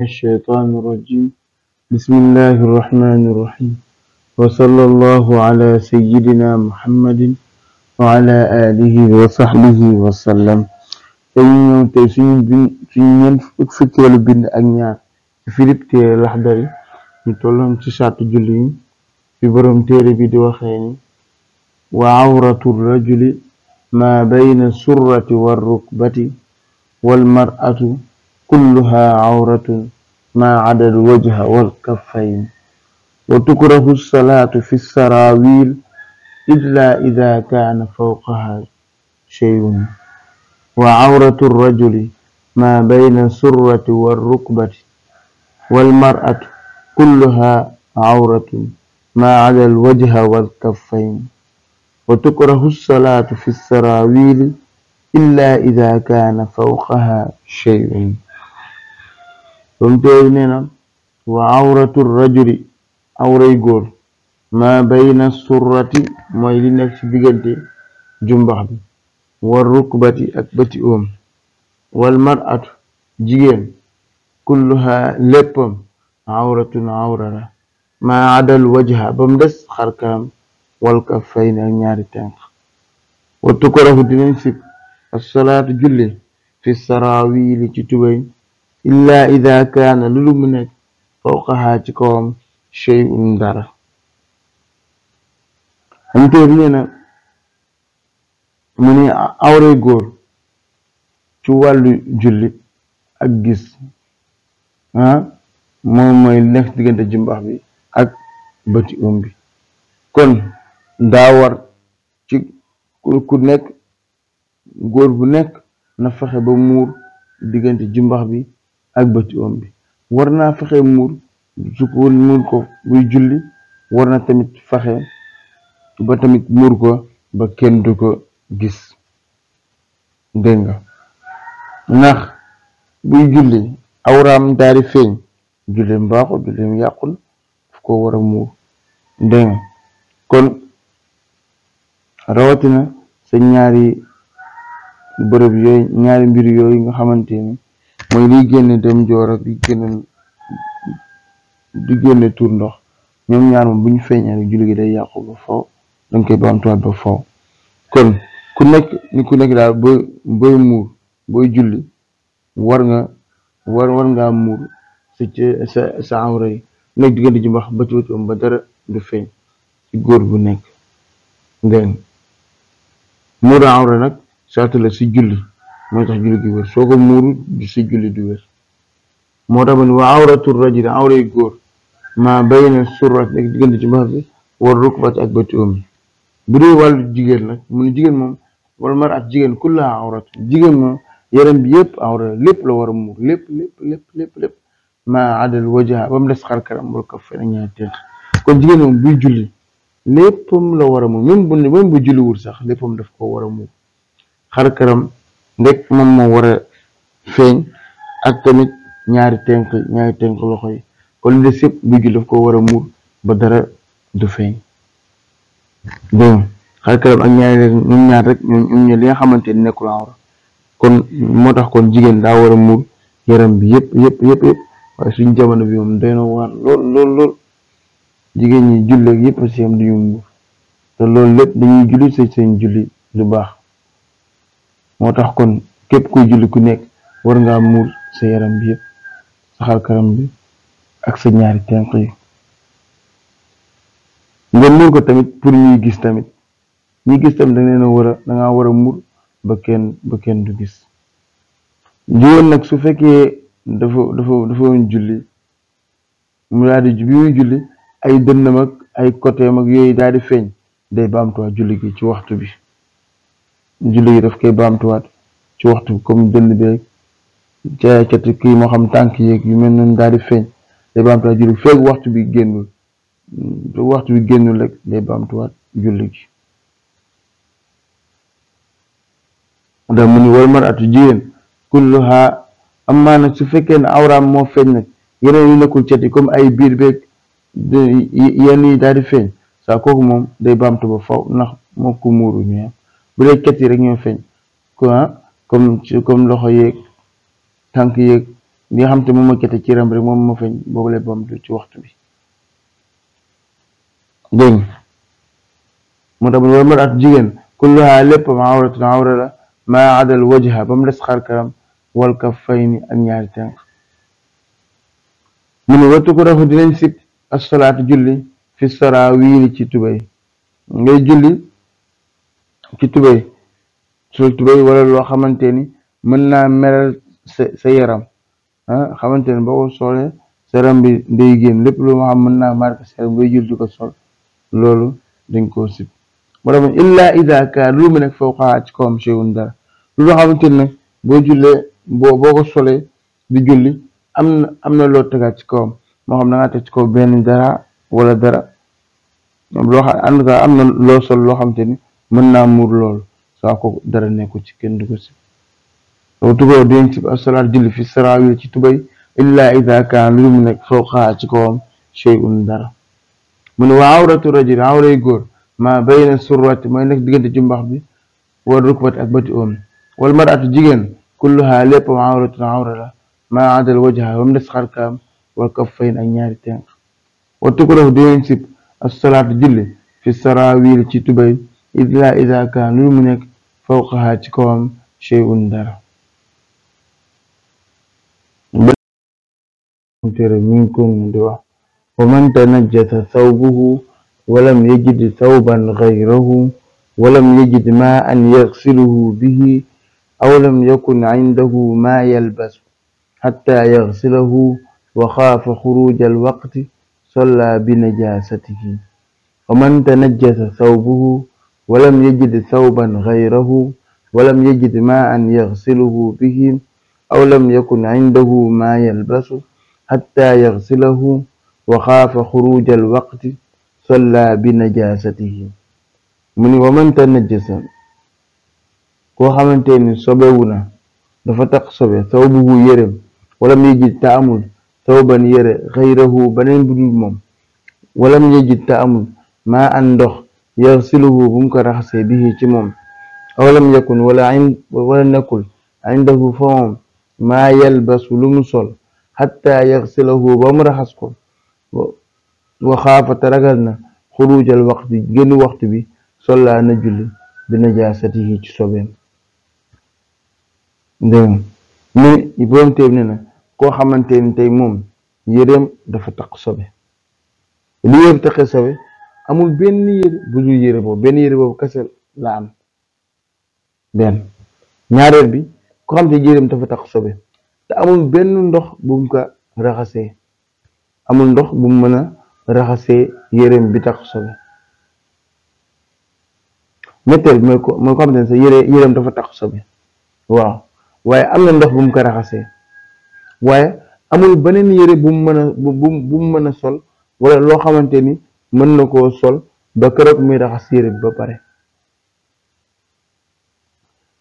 الشيطان الرجيم بسم الله الرحمن الرحيم وصلى الله على سيدنا محمد وعلى آله وصحبه وسلم dañu tey suñu bind suñu ñeent fukkeelu bind ak ñaar ci Philippe téere Laxdari ñu tolloon ci sàttu julli yi fi boroom téere bi di waxee ni wa awratu rajuli ma bayna surrati wa rukbati wal mar'atu كلها عورة ما عدا الوجه والكفين وتكره الصلاة في السراويل إلا إذا كان فوقها شيء وعورة الرجل ما بين السرة والركبة والمرأة كلها عورة ما عدا الوجه والكفين وتكره الصلاة في السراويل إلا إذا كان فوقها شيء bam teeg nee na wa awratu rajuli awray góor ma bayna surrati moy li nekk ci diggante jumbax bi war rukbati ak bëti oom wal mar'atu jigéen kulluha léppam awratun awra la ma adal wajha bam des xarkaam wal kaffayni ak ñaari tenq wa tukrahu dinañ sib as salaatu julli fi sarawili ci tubay illaa ida kaana lulu mu nekk fawqahaa ci kawam shay'un dara am teer nee na mu ne awray góor ci wàllu julli ak gis ah moom mooy nekk diggante jimbax bi ak bëti um bi kon daa war ci ku nekk góor bu nekk na fexe ba muur diggante jumbax bi ak bëti om bi war naa fexe muur su ko muur ko buy julli war na tamit faxe ba tamit muur ko ba kenn du ko gis dégg nga ndax buy julli awraam daari feeñ julleem baaxul julleem yàqul daf ko war muur dégg kon rawatina sa ñaari bërëb yooyu ñaari mbir yooyu nga xamante mooy li génne dem joor ak di génne di ndox ñoom ñaar moom bu ñu feeñee rek julli gi day yàqu ba faw danga koy baamtuwaat ba faw kon ku nekk ni ku nekk daal booy booy muur booy julli war nga war war ngaa muur sa sa sa awra yi nekk diggante ji mbax ba ci wëtam ba dara du feeñ ci góor bu nekk dégg muur awra nag sartu la si julli mooy tax julli gi soo ko muuru si julli du wér moo tax ma ne wa awratu rajuli awray góor ma bayna surrat ak diggante ci baat bi war rukbat ak bëti oom yi bu dee wàllu jigéen la mu ne jigéen moom wala mar at jigéen kullaha awratu jigéen moom yaram bi yëpp awra lépp la war a muur lépp lépp lépp lépp lépp ma adal wajaha ba mu des karam wal kaffayni ak ñaari kon jigéen moom buy julli léppam la war a muur même bu ne même sax léppam daf ko war a muur xar karam ndek moom moo war a feeñ ak tamit ñaari tenk ñaari tenk loxo yi kon li des yëpp guy gi ko war a muur ba dara du feeñ bon ak ñaari rek ñoom ñaar rek ñoom ñoom li nga xamante ni nekkul kon moo tax kon jigéen daa war a muur yaram bi yëpp yëpp yëpp yëpp waaye suñu jamono bi moom doy na waar lool lool jigéen ñi julleeg yëpp a si am duñu muur te loolu lépp dañuy julli seen julli lu baax moo tax kon képp kuy julli ku nekk war ngaa muur sa yaram bi yëpp sa xar bi ak sa ñaari tenq yi nga muur ko tamit pour ñuy gis tamit ñi gis tamit da neena war a da muur ba kenn ba kenn du gis jiwoon nag su fekkee dafa dafa dafa woon julli mu daal di bi muy julli ay dënnam ak ay côté mag yooyu daal di feeñ day baamtuwaat julli gi ci waxtu bi julli gi daf koy baamtuwaat ci waxtu comme dënn bi rek jaaykat kii moo xam tànk yeeg yu mel noonu daal di feeñ day baamtuwaat julli feeg waxtu bi génnul feeg mm, waxtu bi génnul rek day baamtuwaat julli gi da mu ni wal mar nag su fekkee ne awraam moo feeñ nag yeneen yu nekkul cati comme ay biir beeg yenn yi daal di feeñ saa kooku moom day baamtu ba faw ndax moo ko muuru bu dee ket yi rek ñoo feeñ ah, comme comme loxo yeeg tànk yeeg li nga xam te moom mooy ket ci ram rek moom moo feeñ boobu lay bam ci waxtu bi dégg moo tax wal mar'atu jigéen kulluha lépp ma awratun la ma adal wajha ba mu des xar karam wal kaffayni ak ñaari tànk mu ne wattu ko rafu dinañ sib as salaatu julli fi sarawiili ci tubay ngay julli ci tubéy sol tubéy wala loo xamante ni mën naa meral sa yaram ah xamante ni boo ko solee sa yaram bi day génn lépp lu ma xam mën naa marqué sa yaram ngay jël di ko sol loolu dañ ko sib moo tax illaa ida kaar lu mu xamante ni nag boo jullee boo boo ko solee di julli am na am na loo ci kawam moo xam da ngaa teg ci kaw benn dara wala dara loo xam am na loo sol loo xamante ni mën naa muur lool saa ko dara nekku ci kenn du ko sib soo tubayoo denc bi fi saraawil ci tubay illaa idaa kaan lu mu nekk fawqaa ci kawam shay'un dara mu ne wa awratu rajul awray góor maa bayna surrati mooy nekk diggante jumbax bi war rukbat ak bati oom wal maratu jigéen kulluhaa lépp awratun awra la maa adal wajha ba mu des xarkaam wal kaffayn ak ñaari tenq wa tukrahu denc bi asalaat julli fi saraawil ci tubay illaa idaa kaan lu mu nekk fawqahaa ci kawam shay'un dara tere mi ngi ko di wax wa man tanajjasa thawbuhu walam yajid thawban ghayrahu walam yajid maa'an yaghsiluhu bihi aw lam yakun 'indahu maa yalbas hatta yaghsilahu wa khaafa khuruuja al-waqti salla bi najaasatihi wa man tanajjasa thawbuhu ولم يجد ثوبا غيره ولم يجد ماء يغسله به أو لم يكن عنده ما يلبس حتى يغسله وخاف خروج الوقت صلى بنجاسته من ومن تنجس koo xamante ni sobewu na dafa tax sobe sawbuhu yérem walam yejid ta amul sawban yére xayrahu beneen budul moom walam yejid ta amul maa an ndox yaxsiluhu bu mu ko raxasee bihi ci moom awlam yakun wala wala nekkul indahu fa moom maa yalbasu lu mu sol xatta yaxsilahu ba mu raxas ko wa xaafata ragal na xurujal waxti génn waxtu bi sollaa na julli bi najaasatihi ci sobeem dégg ni borom téeb ne na koo xamante ni tey moom yéreem dafa taq sobe li yéreem taqee sobe amul benn yére bu dul yére boobu benn yére boobu kese la am benn ñaareel bi ku xam yéreem dafa tax sobe te amul benn ndox bu mu ko raxasee amul ndox bu mu mën a raxasee yéreem bi tax sobe ñetteel bi ne sa yére dafa tax sobe waaw waaye am na ndox bu mu ko raxasee waaye amul beneen yére bu mu mën a bu mu mën a sol wala loo xamante ni mën na koo sol ba keroog muy raxas yére bi ba pare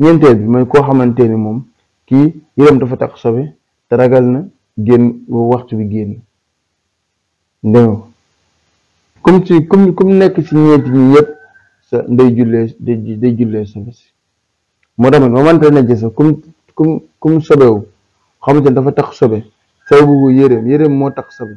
ñeenteel bi mooy koo xamante ni moom kii yërëm dafa tax sobe te ragal na génn waxtu bi génn dégg nga comme ci comme comme nekk ci ñeenti ñi yépp sa day jullee day jullee sobe si moo tax ma mënta na jësa comme comme comme sobewu xamante ne dafa tax sobe sababu yéreem yéreem moo tax sobe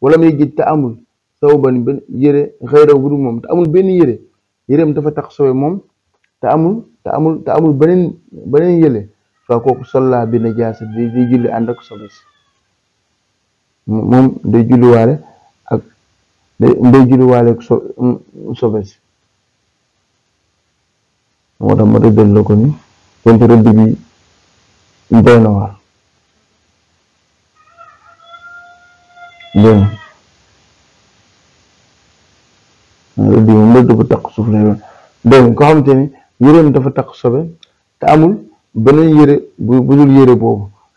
wala muy gis te amul sawban benn yére xayraw amul benn yére yéreem dafa tax sowe moom te amul te amul te amul beneen beneen yële fa kooku solla bi julli ànd ak sobe moom day julliwaale ak ak sobe si moo tax ma la ko ni konte rëdd bi doy na waar loolu dafa takk suuf lay doon dégg nga ko xamante ni dafa takk sobe te amul beneen yëre bu bu dul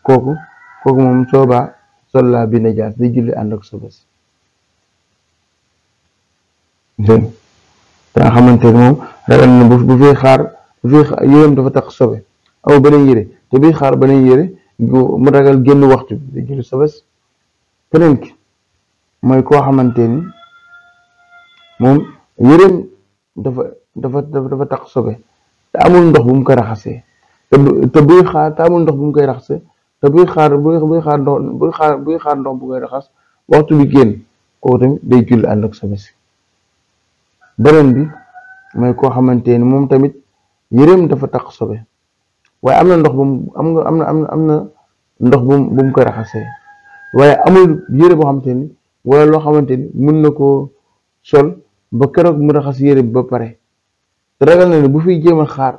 kooku kooku moom soobaa solla bi najaas day julli ànd ak sobe nga xamante ni moom ragal na bu fi xaar bu fi yëreem dafa takk sobe amul beneen yëre te bii xaar beneen yëre mu ragal génn waxtu bi day julli sobe keneen ki mooy koo xamante ni moom yëreem dafa dafa dafa tax sobe te amul ndox bum mu koy raxasee te buy xaar te amul ndox bu koy raxasee te buy xaar buy xaar ndox buy xaar bu koy raxas waxtu bi génn kooku tamit ànd ak sobe si bi mooy koo xamante ni moom tamit yëreem dafa tax sobe waaye am na ndox bu am nga am na am na ndox bu mu bu mu koy raxasee waaye amul yëre boo xamante ni wala loo xamante ni mën na koo sol. ba keroog mu raxas yére bi ba pare te ragal na ne bu fiy jéem a xaar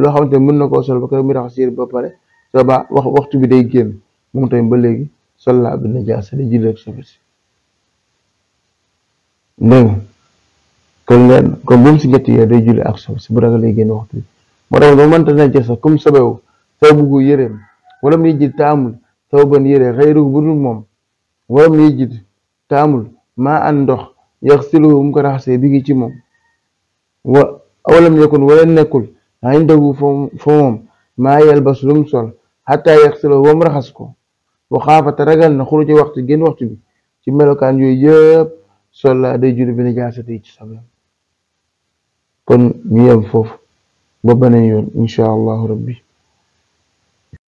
loo xamante ne mën na koo sol ba keroog mu raxas yére bi ba pare soo ba waxtu bi day génn moom tamit ba léegi sol laa bi najaasa di julli ak sobe si dégg nga mu si ak sobe si génn waxtu bi moo tax ba mënta najaasa comme sobewu sababu taamul sababan yére xëyru bu dul moom wala mu yëjjit taamul maa an ndox yaxsiluhu mu ko raxasee bi ci moom wa awalam yakun wala nekkul indahu fa moom maa yalbas lum sol xataa yaxsiluhu raxas ko wa xaafata ragal na xuruja waxtu génn waxtu bi ci melokaan yooyu yëpp sol la day julli bi nijaasati ci sobe kon ñu yem foofu ba beneen yoon incha allahu rabbi